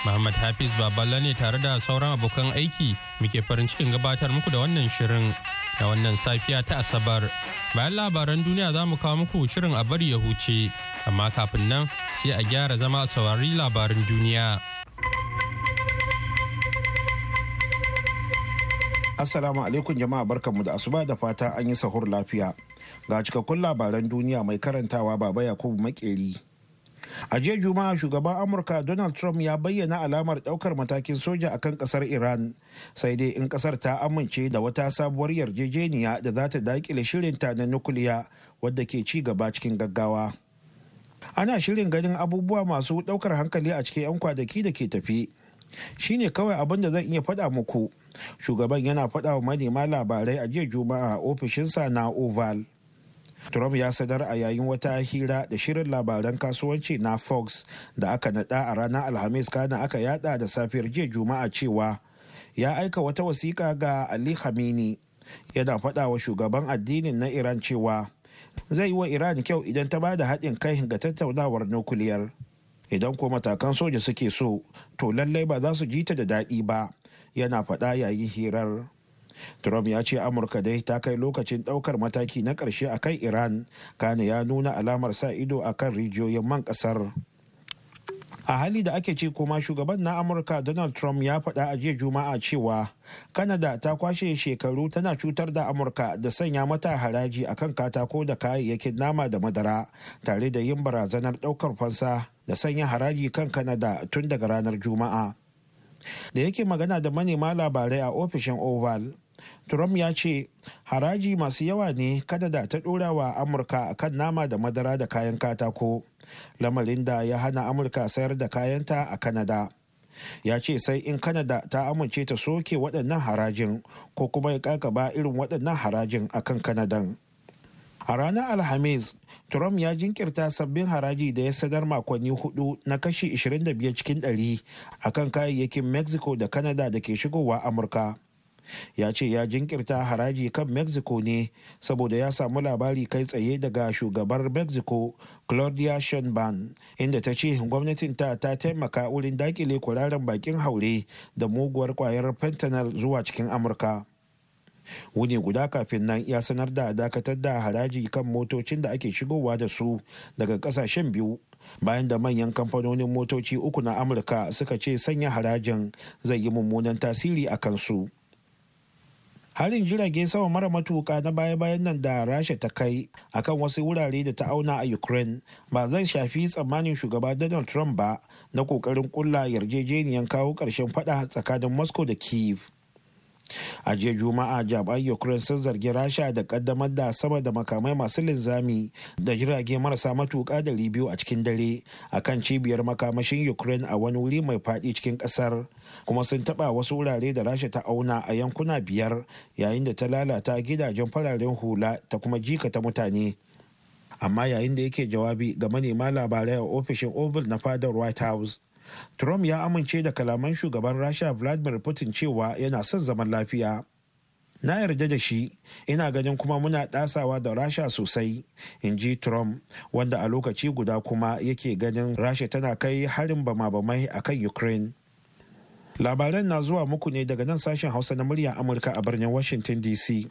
Muhammad Hafiz Baballa ne tare da sauran abokan aiki muke farin cikin gabatar muku da wannan shirin da wannan safiya ta Asabar. Bayan labaran duniya za mu kawo muku shirin a bari ya huce, amma kafin nan sai a gyara zama a saurari labarin duniya. Assalamu alaikum jama'a barkanmu da asuba da fata an yi sahur lafiya. Ga cikakkun labaran duniya mai karantawa Baba Yakubu Makeri. a jiya juma'a shugaban amurka donald trump ya bayyana alamar daukar matakin soja a kan kasar iran sai dai in kasar ta amince da wata sabuwar yarjejeniya da za ta dakile shirinta na nukuliya wadda ke ci gaba cikin gaggawa ana shirin ganin abubuwa masu daukar hankali a cikin 'yan kwanaki da ke tafi shine kawai abin da zan iya faɗa muku shugaban yana faɗa wa manema labarai a jiya juma'a ofishinsa na oval Trump ya sanar a yayin wata hira da shirin labaran kasuwanci na Fox da aka nada a ranar Alhamis kana aka yada da safiyar jiya Juma'a cewa ya aika wata wasiƙa ga Ali Khamenei yana faɗa wa shugaban addinin na Iran cewa zai yi wa Iran kyau idan ta bada haɗin kai ga tattaunawar nukuliyar. Idan ko matakan soja suke so, to lallai ba za su ji ta da daɗi ba, yana faɗa yayin hirar. trump ya ce amurka dai ta kai lokacin daukar mataki na karshe a kan iran kane ya nuna alamar sa ido a kan rijiyoyin man kasar a hali da ake ce kuma shugaban na amurka donald trump ya faɗa a jiya juma'a cewa canada ta kwashe shekaru tana cutar da amurka da sanya mata haraji akan katako da kayayyakin nama da madara tare da yin barazanar daukar fansa da sanya haraji kan canada tun daga ranar juma'a da yake magana da manema labarai a ofishin oval trump ya ce haraji masu yawa ne kanada ta dora wa amurka a kan nama da madara da kayan katako lamarin da ya hana amurka sayar da kayanta a kanada ya ce sai in kanada ta amince ta soke waɗannan harajin ko kuma ya kakaba irin waɗannan harajin akan kanadan a ranar alhamis trump ya jinkirta sabbin haraji da ya sadar makonni hudu na kashi 25 cikin 100 kan kayayyakin mexico da canada da ke shigowa amurka ya ce ya jinkirta haraji kan mexico ne saboda ya samu labari kai tsaye daga shugabar mexico claudia sheinbaum inda ta ce gwamnatin ta ta taimaka wurin dakile kuraren bakin haure da muguwar kwayar fentanyl zuwa cikin amurka wuni guda kafin nan ya sanar da dakatar da haraji kan motocin da ake shigowa da su daga kasashen biyu bayan da manyan kamfanonin motoci uku na amurka suka ce sanya harajin zai yi mummunan tasiri a kansu harin jirage sama mara matuka na baya-bayan nan da rasha ta kai akan wasu wurare da ta auna a ukraine ba zai shafi tsammanin shugaba donald trump ba na kokarin kulla yarjejeniyar kawo ƙarshen fada tsakanin moscow da kiev a jiya juma'a jami'an ukraine sun zargi rasha da kaddamar da sama da makamai masu linzami da jirage marasa matuƙa da biyu a cikin dare a kan cibiyar makamashin ukraine a wani wuri mai faɗi cikin ƙasar kuma sun taɓa wasu wurare da rasha ta auna a yankuna biyar yayin da ta lalata gidajen fararen hula ta kuma jika ta mutane amma yayin da yake jawabi ga manema labarai a ofishin oval na fadar white house trump ya amince da kalaman shugaban rasha vladimir putin cewa yana son zaman lafiya na yarda da shi ina ganin kuma muna ɗasawa da rasha sosai in ji trump wanda a lokaci guda kuma yake ganin rasha tana kai harin bama-bamai a kan ukraine labaran na zuwa muku ne daga nan sashen hausa na murya amurka a birnin washington dc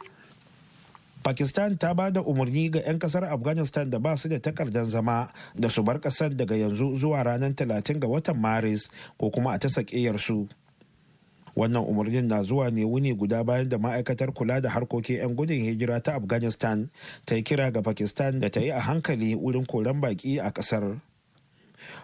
pakistan ta ba da umarni ga 'yan kasar afghanistan da ba su da takardar zama da su bar kasar daga yanzu zuwa ranar 30 ga watan maris ko kuma a ta su wannan umarnin na zuwa ne wuni guda bayan da ma'aikatar kula da harkokin 'yan gudun hijira ta afghanistan ta yi kira ga pakistan da ta yi a hankali wurin koren baki a kasar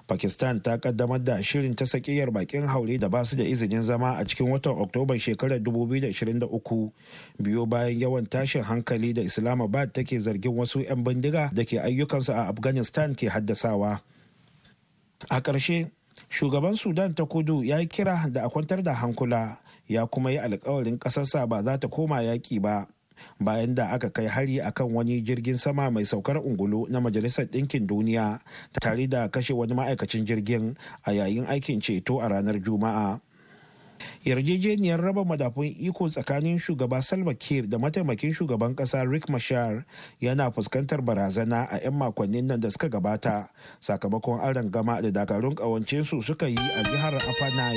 pakistan ta kaddamar da shirin ta sakiyar bakin haure da basu da izinin zama a cikin watan oktobar shekarar 2023 biyo bayan yawan tashin hankali da islamabad take zargin wasu 'yan bindiga da ke ayyukansu a afghanistan ke haddasawa a ƙarshe shugaban sudan ta kudu ya yi kira da a kwantar da hankula ya kuma yi alkawarin ƙasarsa ba za ta koma yaƙi ba bayan da aka kai hari akan wani jirgin sama mai saukar ungulu na majalisar ɗinkin duniya tare da kashe wani ma'aikacin jirgin a yayin aikin ceto a ranar juma'a yarjejeniyar raba madafun iko tsakanin shugaba salma kiir da mataimakin shugaban kasa rick mashar yana fuskantar barazana a 'yan makonnin nan da suka gabata sakamakon aron gama da dakarun kawance su suka yi a jihar afanar.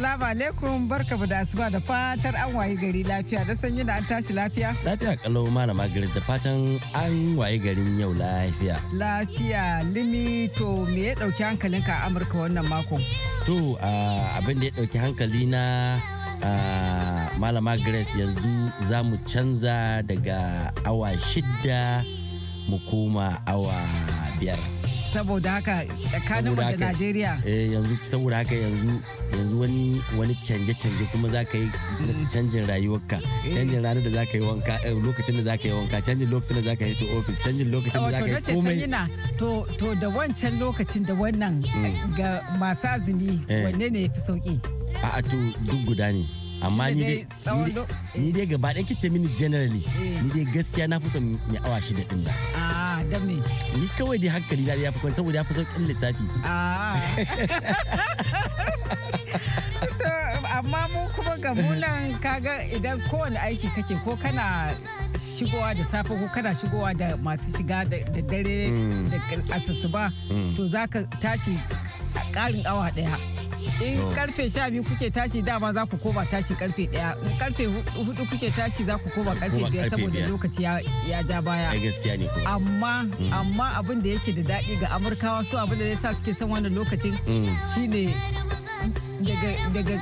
Assalamu alaikum barka da asuba da fatar an wayi gari lafiya da sanyi da an tashi lafiya. Lafiya kalau malama Grace da fatan an wayi garin yau lafiya. Lafiya limi to me ya dauki hankalinka a Amurka wannan makon? To abin da ya dauki hankali na malama Grace yanzu za mu canza daga awa shida mu koma awa biyar. saboda haka tsakanin da Najeriya eh yanzu saboda haka yanzu yanzu wani wani canje canje kuma za ka yi mm-hmm. canjin rayuwarka eh. canjin ranar da za ka yi wanka eh, lokacin da za ka yi wanka canjin lokacin da za ka yi to office canjin lokacin da za ka yi komai to to da wancan lokacin da wannan mm. ga masu azumi eh. wanne ne ya fi sauki a'a to duk guda ne amma ni dai gaba ɗan kice mini generally ni dai gaskiya na fi son mai awa shida ɗin ba. Adam ne. ni kawai dai hankali na ya fi kwan saboda ya fi sauƙin lissafi ah. amma mu kuma ga munan kaga idan kowane aiki kake ko kana shigowa da safe ko kana shigowa da masu shiga da dare mm. da ba mm. to za ka tashi a ƙarin awa ɗaya in karfe sha biyu kuke tashi dama za ku koma tashi karfe daya in karfe hudu kuke tashi za ku koma karfe biyar saboda lokaci ya ja baya amma mm. amma abin da yake da daɗi ga amurkawa su abin da zai sa suke son wannan lokacin mm. shine daga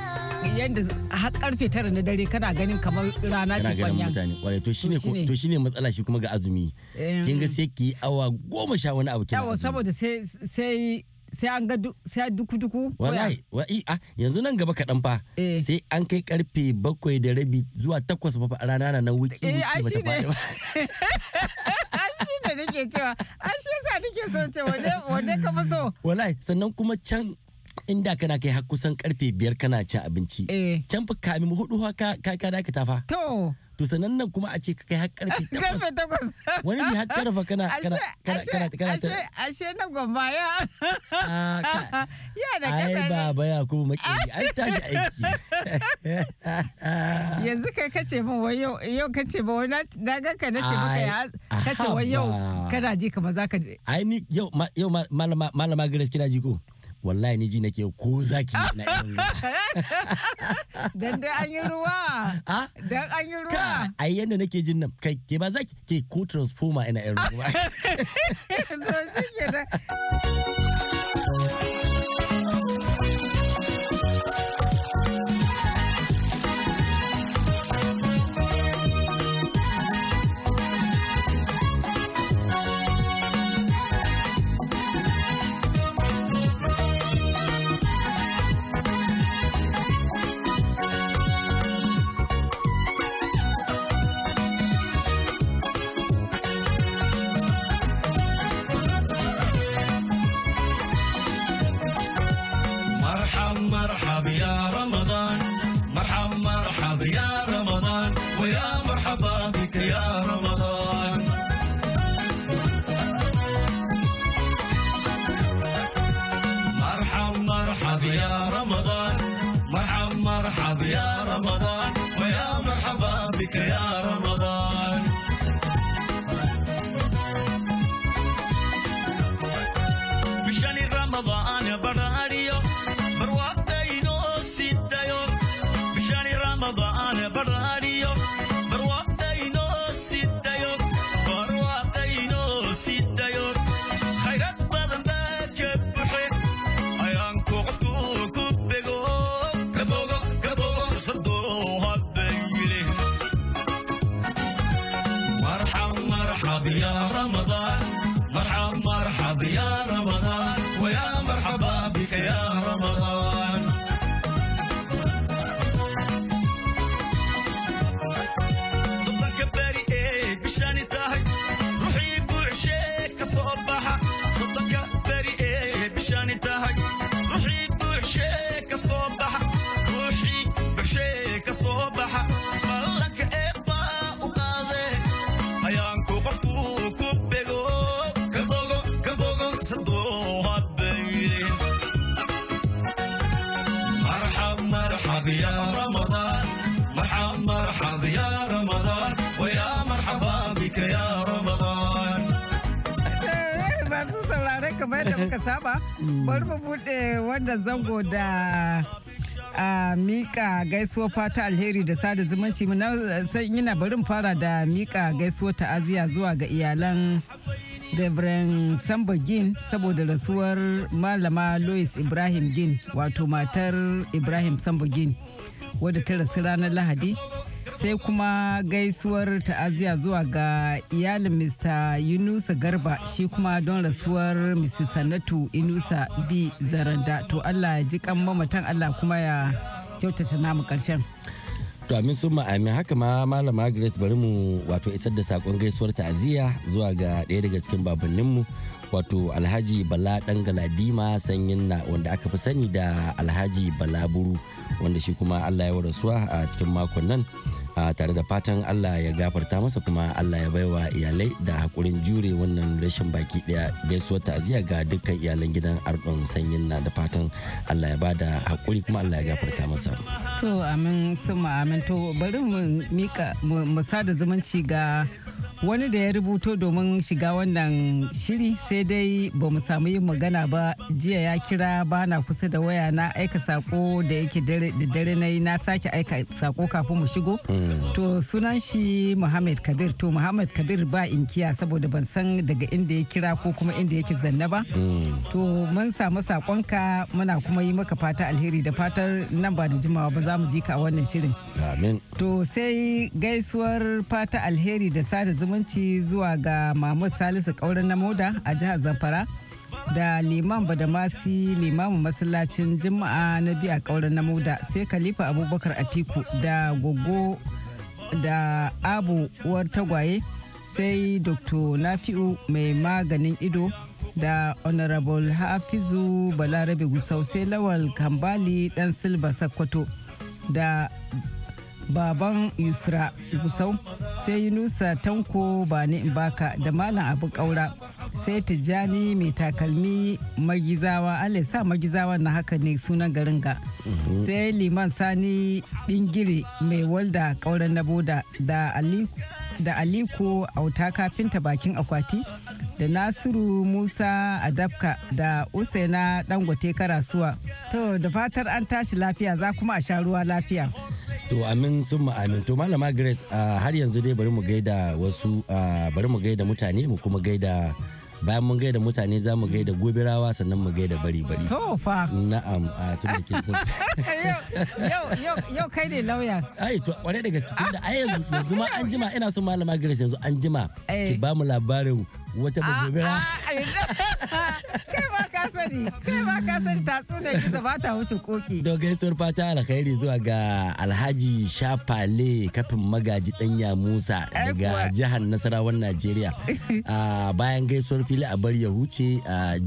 yadda har karfe tara na dare kana ganin kamar rana ce kwanya. mutane kwarai to shine to shine matsala shi kuma ga azumi. Kin ga eh. sai ki awa goma sha wani abu kina. Yawa saboda sai sai sai an ga sai duku-duku. Wallahi wa'i a yanzu nan gaba kaɗan fa eh. sai an kai karfe bakwai da rabi zuwa takwas ba a rana na nan wiki wiki ba ta ba. Shi ne nake cewa an shi yasa nake so ce wanda ka fa so. Wallahi sannan kuma can inda kana kai har kusan karfe biyar kana cin abinci. Eh. Can fa kamin hudu ka ka dakata fa. To. to sanannan kuma a ce ka kai har karfe takwas wani ne har karfa kana kana kana kana ashe ashe na gwamba ya ya da kasa ai baba ya kuma maki ai tashi aiki yanzu kai kace min wai yau yau kace ba wani na ga ka nace maka ya kace wai yau kana ji kamar zaka ai ni yau yau malama malama gares kina ji ko wallahi ni ji nake ko zaki na irin dan da an yi ruwa dan an yi ruwa ai yanda nake jin nan kai ke ba zaki ke ko transformer ina irin ruwa to مرحب يا رمضان ويا مرحبا بك يا رمضان ka saba bari mu bude wanda zango da a mika gaisuwa fata alheri da sada zumunci sai yana barin fara da mika gaisuwa ta'aziyya zuwa ga iyalan Reverend Samba Gin saboda rasuwar malama Louis Ibrahim Gin wato matar Ibrahim Samba Gin wadda ta rasu ranar Lahadi sai kuma gaisuwar ta'aziyya zuwa ga iyalin mr yunusa garba shi kuma don rasuwar mrs sanatu inusa b zaranda to allah ya ji kan mamatan allah kuma ya kyautata namu karshen to amin sun amin haka ma malama grace bari mu wato isar da sakon gaisuwar ta'aziyya zuwa ga ɗaya daga cikin babanninmu wato alhaji bala dan galadima sanyin na wanda aka fi sani da alhaji bala buru wanda shi kuma allah ya rasuwa a cikin makon nan a tare da fatan Allah ya gafarta masa kuma Allah ya baiwa iyalai da hakurin jure wannan rashin baki daya gaisuwar ta'aziyya ga dukkan iyalan gidan Ardon Sanyin na da fatan Allah ya ba da hakuri kuma Allah ya gafarta masa to amin suma amin to bari mu mika mu sada zumunci ga wani da ya rubuto domin shiga wannan shiri sai dai ba mu samu yin magana ba jiya ya kira bana kusa da waya na aika sako da yake da dare na yi na sake aika sako kafin mu shigo hmm. to sunan shi muhammad kabir to muhammad kabir ba in inkiya saboda ban san daga inda ya kira ko kuma inda yake zanna ba hmm. to mun samu sakonka muna kuma yi maka fata alheri da fatar nan ba da jimawa ba za mu ji ka a wannan shirin to sai gaisuwar fata alheri da sada zumunci zuwa ga Mahmud Salisu Kaurin na Moda a jihar Zamfara da Liman Badamasi limamin masallacin Juma'a na biya Kaurin na Moda sai Khalifa Abubakar Atiku da Gogo da Abu uwar tagwaye sai Dr. Nafi'u mai maganin ido da Honorable Hafizu Balarabe Gusau sai Lawal Kambali dan Silba Sakkwato da baban yusra gusau sai yunusa tanko bani baka da malam abu kaura sai tijjani mai takalmi magizawa allah sa magizawa na haka ne sunan garin ga mhm. sai liman sani bingire mai walda kauran na boda da ali da aliko auta kafinta bakin akwati da nasiru musa adafka da usaina dangote karasuwa to da fatar an tashi lafiya za kuma a sha ruwa lafiya to amin sun amin to malama grace har yanzu dai bari mu gaida wasu bari mu gaida mutane mu kuma gaida bayan mun gaida mutane za mu gaida gobirawa sannan mu gaida bari bari to fa na'am a tun da kin yau kai ne lauya ai to kware da gaske tunda ai yanzu ma an jima ina son malama Grace yanzu an jima eh. ki ba mu labarin wata bajobira kai ba ka sani kai ba ka sani tatsu da gizo ba ta wuce koki don gaisuwar fata alkhairi zuwa ga alhaji shafale kafin magaji danya musa daga jihar nasarawan najeriya bayan gaisuwar fili a bar ya huce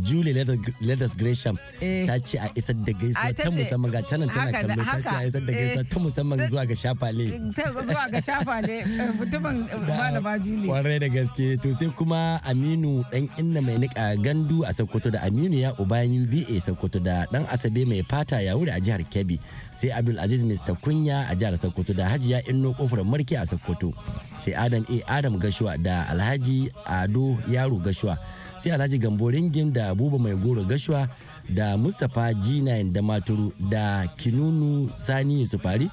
julie leathers gresham eh. ta ce a isar da gaisuwa ta musamman ga tanan tana kallo ta ce a isar da gaisuwa eh. ta musamman zuwa ga shafale zuwa ga shafale eh, mutumin malama julie kwarai da gaske to sai kuma a aminu dan inna mai nika gandu a sokoto da aminu ya ubayan uba sokoto da dan asabe mai fata ya wuri a jihar kebbi sai abdul aziz mr kunya a jihar sokoto da hajiya inno kofar marke a sokoto sai adam a adam gashuwa da alhaji ado yaro gashuwa sai alhaji gambo ringin da buba mai goro gashuwa da mustapha g9 da maturu da kinunu sani yusufari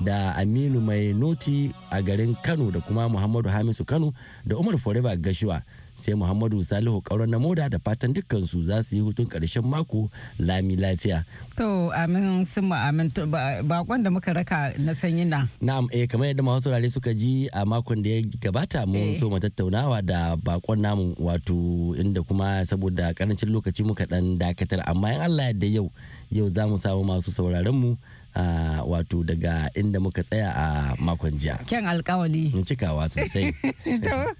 da aminu mai noti a garin kano da kuma muhammadu hamisu kano da umar forever gashuwa sai muhammadu salihu kauran na moda da fatan dukkansu za su yi hutun karshen mako lami lafiya to amin sun amin bakon da muka raka na sanyi na na'am eh kamar yadda masu saurare suka ji a makon da ya gabata mu eh. so mu tattaunawa da bakon namu wato inda kuma saboda karancin lokaci muka dan dakatar amma in Allah ya yau yau za mu samu masu sauraron mu wato daga inda muka tsaya a makon jiya. Ken alkawali. Cikawa sosai.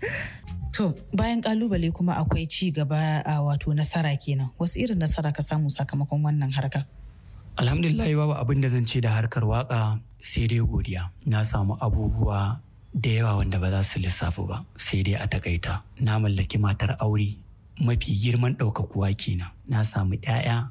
To bayan kalubale kuma akwai ci gaba a wato nasara kenan. Wasu irin nasara ka samu sakamakon wannan harka? Alhamdulillah babu abin da zan ce da harkar waka sai dai godiya. Na samu abubuwa da yawa wanda ba za su lissafu ba sai dai a takaita. Na mallaki matar aure mafi girman ɗaukakuwa kenan. Na samu 'ya'ya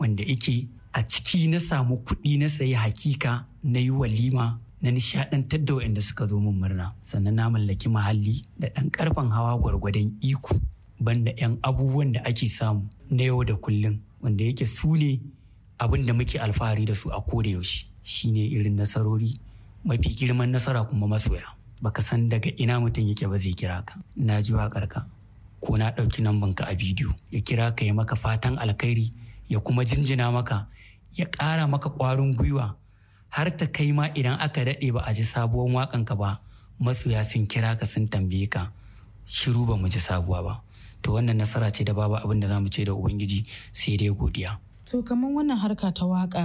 wanda ike a ciki na samu kuɗi na sayi hakika na yi walima na nishaɗantar da waɗanda suka zo min murna sannan na mallaki mahalli da ɗan ƙarfen hawa gwargwadon iko banda 'yan abubuwan da ake samu na yau da kullum wanda yake su ne abin da muke alfahari da su a ko da yaushe shine irin nasarori mafi girman nasara kuma masoya baka san daga ina mutum yake ba zai kira ka na ji waƙar ka ko na ɗauki namban ka a bidiyo ya kira ka ya maka fatan alkhairi ya kuma jinjina maka ya ƙara maka ƙwarin gwiwa har ta kai ma idan aka daɗe ba a ji sabuwar waƙanka ba masoya sun kira ka sun tambaye ka shiru ba mu ji sabuwa ba to wannan nasara ce da babu abin da za mu ce da ubangiji sai dai godiya to kamar wannan harka ta waka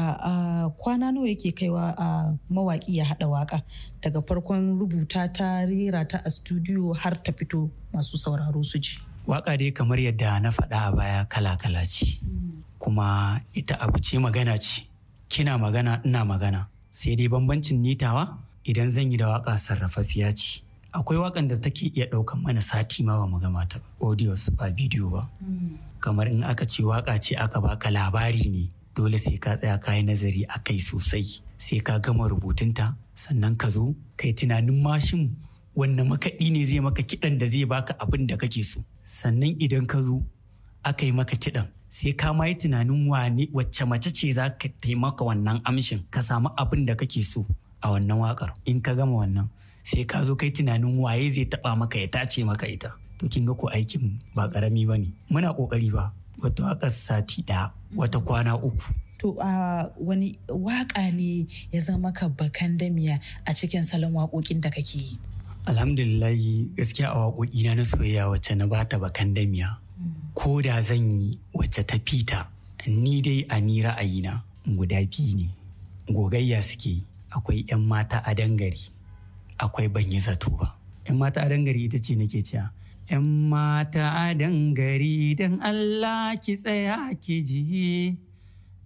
kwana nawa yake kaiwa a mawaƙi ya haɗa waka daga farkon rubuta ta rera ta a studio har ta fito masu sauraro su ji waka dai kamar yadda na faɗa a baya kala-kala ce kuma ita abu ce magana ce kina magana ina magana sai dai bambancin nitawa idan zan yi da waka sarrafafiya ce akwai wakan da take iya ɗaukan mana sati ma ba mu gama ta ba audios ba bidiyo ba kamar in aka ce waka ce aka baka labari ne dole sai ka tsaya kayan nazari a kai sosai sai ka gama rubutunta sannan ka zo kai tunanin mashin wannan makaɗi ne zai maka kiɗan da zai baka abin da kake so sannan idan ka zo aka yi maka kiɗan sai ka ma yi tunanin wane wacce mace ce za ka taimaka wannan amshin ka samu abin da kake so a wannan wakar in ka gama wannan sai ka zo kai tunanin waye zai taba maka ya tace maka ita to kin ga ko aikin ba karami ba ne muna kokari ba wata wakar sati ɗaya wata kwana uku to a wani waka ne ya zama ka bakan damiya a cikin salon waƙoƙin da kake yi alhamdulillahi gaskiya a na na soyayya wacce na bata bakan damiya ko da zan yi wacce ta fita ni dai a ni ra'ayina guda biyu ne gogayya suke akwai 'yan mata a dangare akwai ban yi zato ba 'yan mata a dangare ita ce nake cewa 'yan mata a dangare don allah ki tsaya ki ji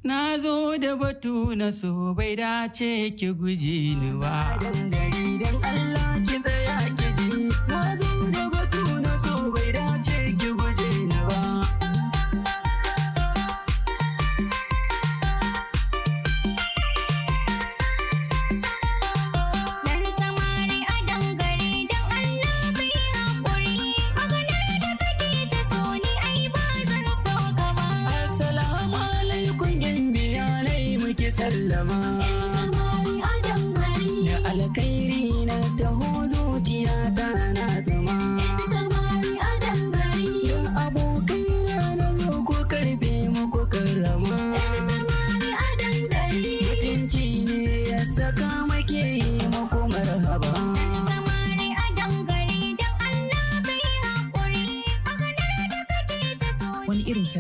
na zo da batu na so bai dace ki guji ni ba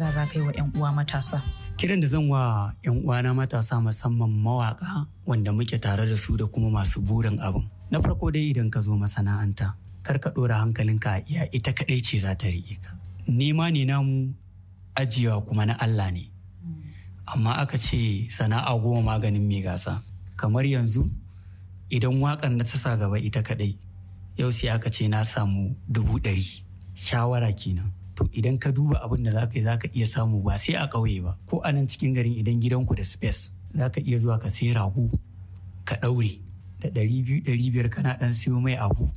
kira za ka yi wa 'yan uwa matasa? Kiran da zan wa 'yan uwa na matasa musamman mawaka wanda muke tare da su da kuma masu burin abin. Na farko dai idan ka zo masana'anta, kar ka ɗora hankalinka ya ita kaɗai ce za ta riƙe ka. Nema ne namu ajiyewa kuma na Allah ne. Amma aka ce sana'a goma maganin mai gasa. Kamar yanzu idan waƙar na ta gaba ita kaɗai, yau sai aka ce na samu dubu ɗari. Shawara kenan. to idan ka duba abin da zaka yi zaka iya samu ba sai a ƙauye ba ko a nan cikin garin idan gidanku da space zaka iya zuwa ka sai rago ka ɗaure da ɗari biyu ɗari biyar kana ɗan siyo mai abu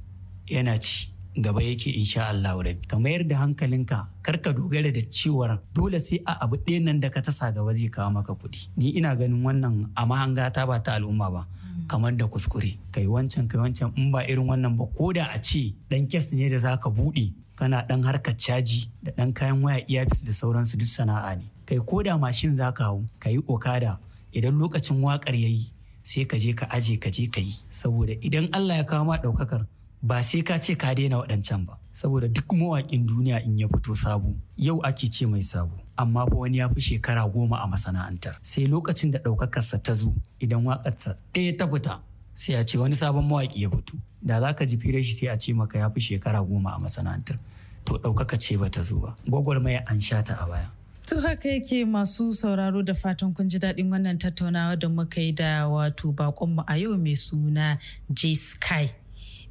yana ci gaba yake insha Allah rabi ka mayar da hankalinka kar ka dogara da cewar dole sai a abu ɗaya nan da ka tasa gaba zai kawo maka kuɗi ni ina ganin wannan a mahanga ta ba ta al'umma ba mm. kamar da kuskure kai wancan kai wancan in ba irin wannan ba ko da a ce dan kes ne da za ka buɗe kana ɗan harkar caji da ɗan kayan waya iyafis da sauransu duk sana'a ne kai ko da mashin za ka hau ka yi okada idan lokacin wakar ya yi sai ka je ka aje ka je ka yi saboda idan Allah ya kawo ma ɗaukakar ba sai ka ce ka daina waɗancan ba saboda duk mawaƙin duniya in ya fito sabo yau ake ce mai sabo amma fa wani ya fi shekara goma a masana'antar sai lokacin da ɗaukakarsa ta zo idan wakarsa ɗaya ta fita sai a ce wani sabon mawaƙi ya fito da za ka ji fira shi sai a ce maka ya fi shekara goma a masana'antar to ɗaukaka ce ba ta zo ba mai an sha ta a baya To haka yake masu sauraro da fatan kun ji daɗin wannan tattaunawa da muka yi da wato bakonmu a yau mai suna J Sky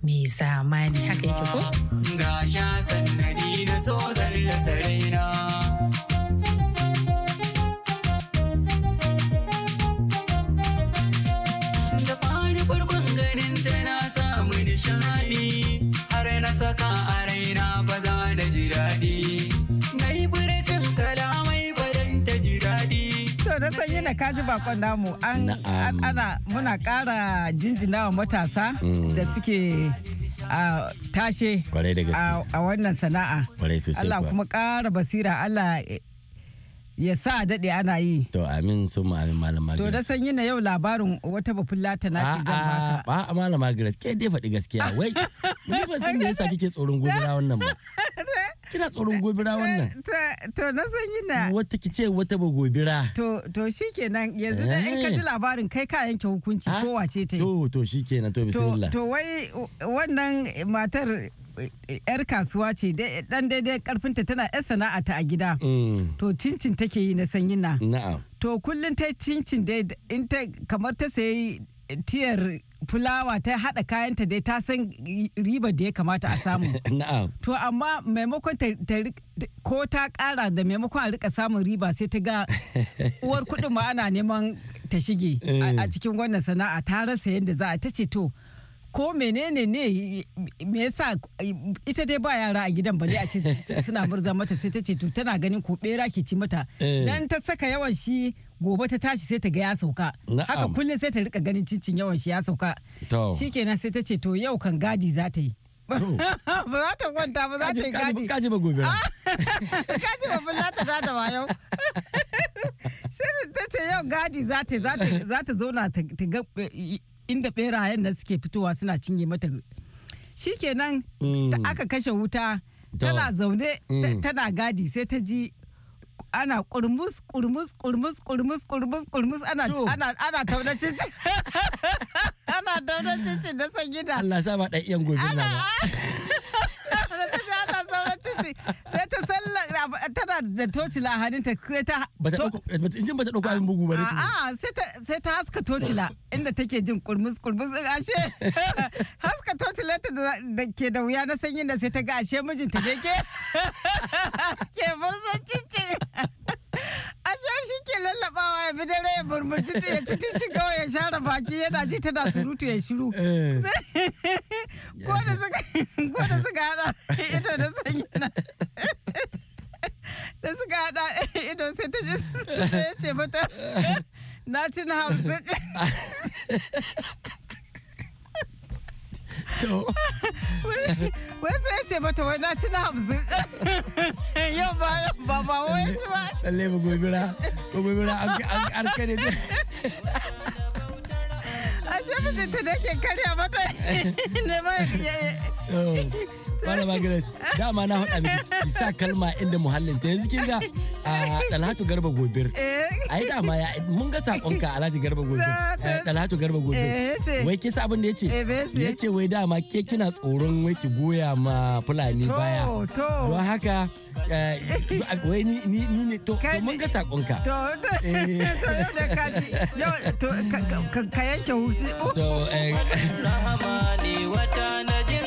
mai zamani haka yake ko? Ga sha sannani na so da na. saka a raina ba za na ji daɗi. Na yi furcin kalamai ba ta ji daɗi. To na san yana kaji bakon namu an ana muna ƙara jinjina wa matasa mm. da suke a tashe a wannan sana'a. Allah kuma ƙara basira Allah eh, ya sa daɗe ana yi to amin su ma'amin malama to da san na yau labarin wata bafin lata na ce zan baka a a malama grace ke dai faɗi gaskiya wai ni ba san me yasa kike tsoron gobira wannan ba kina tsoron gobira wannan to na san na wata ki ce wata ba gobira to to shikenan yanzu da in ka ji eh. labarin kai ka yanke hukunci ah, ko wace ta yi to to shikenan to bismillah to wai wannan matar yar kasuwa ce dan daidai karfinta tana yar sana'a ta a gida mm. to cincin take yi na sanyi na to kullum ta cincin dai ta kamar ta sayi tiyar fulawa ta haɗa kayanta dai ta san riba da ya kamata a samu. To amma maimakon ko ta kara da maimakon a rika samun riba sai ta ga uwar kuɗin ma ana neman ta shige a eh. cikin wannan sana'a ta rasa yadda za a ta ce to ko menene ne me yasa ita dai ba yara a gidan bale a ce suna murza mata sai ta ce to tana ganin ko bera ke ci mata eh. dan ta saka yawan shi gobe ta tashi sai ta ga ya sauka haka kullun sai ta rika ganin cincin yawan shi ya sauka shikenan sai ta ce to yau kan gadi za ta yi ba za ta kwanta ba za ta yi gadi kaji ba gobe kaji ba bulla ta da ba yau sai ta ce yau gadi za ta za ta zauna ta ga inda ɓerayen nan suke fitowa suna cinye mata shikenan da mm. aka kashe wuta tana zaune mm. tana gadi sai ta ji ana kurmus kurmus kurmus kurmus kurmus kurmus ana ana ana tauna cincin ana tauna cincin na san gida Allah sa ba dan iyan gobe na ba sai ta sallar tana da tocila a sai ta injin ba ta abin bugu ba ne a sai ta haska tocila inda take jin kurmus kurmus ashe haska tocila ta da ke da wuya na sanyin da sai ta ga ashe mijinta ne ke ke bursan cincin a Ashar shi ke lallabawa ya bi dare ya murmurci ya ci cincin kawai ya share baki yana ji tana surutu ya shiru. Eh. Ko da suka ko da suka hada ido da sanyi na. Da suka hada ido sai ta ce mata na cin hausa wai sai ce mata wai na ci na hamsin yau ba ba ba wai ci ba lalle ba gobira ba gobira an ne a ta da ke karya mata ne Malama Grace, dama na haɗa miki ki sa kalma inda muhallin ta yanzu kin ga Dalhatu Garba Gobir. Eh. Ai dama ya mun ga sakonka Alhaji Garba Gobir. Dalhatu eh, Garba Gobir. Eh, wai kisa abin da yace? Yace wai dama ke kina tsoron wai ki goya ma Fulani baya. Don haka wai ni to mun ga sakonka. To to yau da kaji. Yau to ka yanke hutu. To eh. Rahama ne wata na jin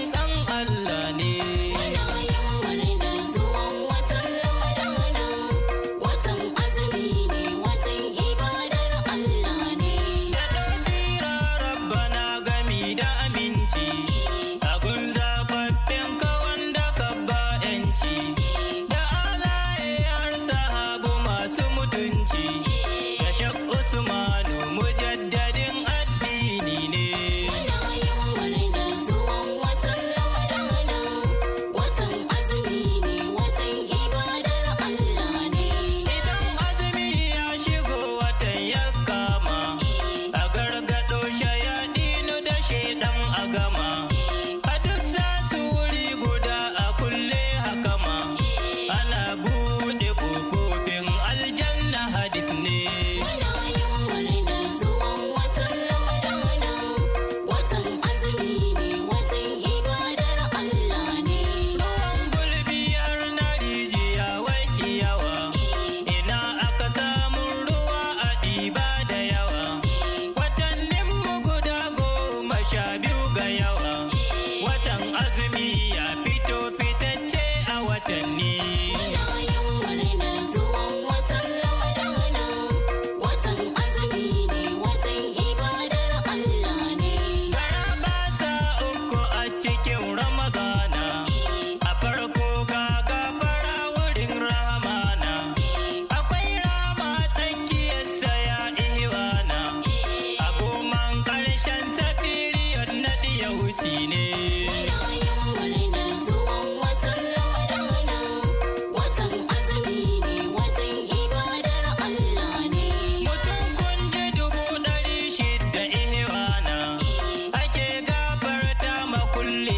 lonely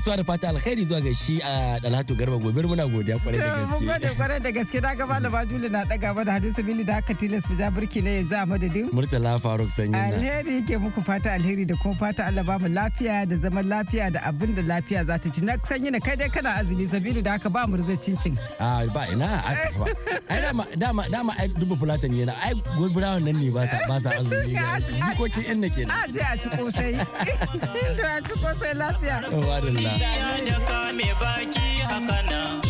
gaisuwa da fata alkhairi zuwa ga shi a Dalhatu Garba gobe muna godiya kwarai da gaske. Mun gode kwarai da gaske da ga malama Juli na daga mana hadu sabili da haka tilas mu ja burki ne yanzu a madadin. Murtala Faruk Sanyi na. Alheri yake muku fata alheri da kuma fata Allah ba mu lafiya da zaman lafiya da abin da lafiya za ta ci. Na sanyi na kai dai kana azumi sabili da haka ba mu rizar cincin. A ba ina a ba. ai dama dama dama ai duba fulatan yana ai gobe gurburawan nan ne ba sa ba sa azumi. Ni Jikokin yan na kenan. A je a ci kosai. Da a ci kosai lafiya. Wa da kame baki haka nan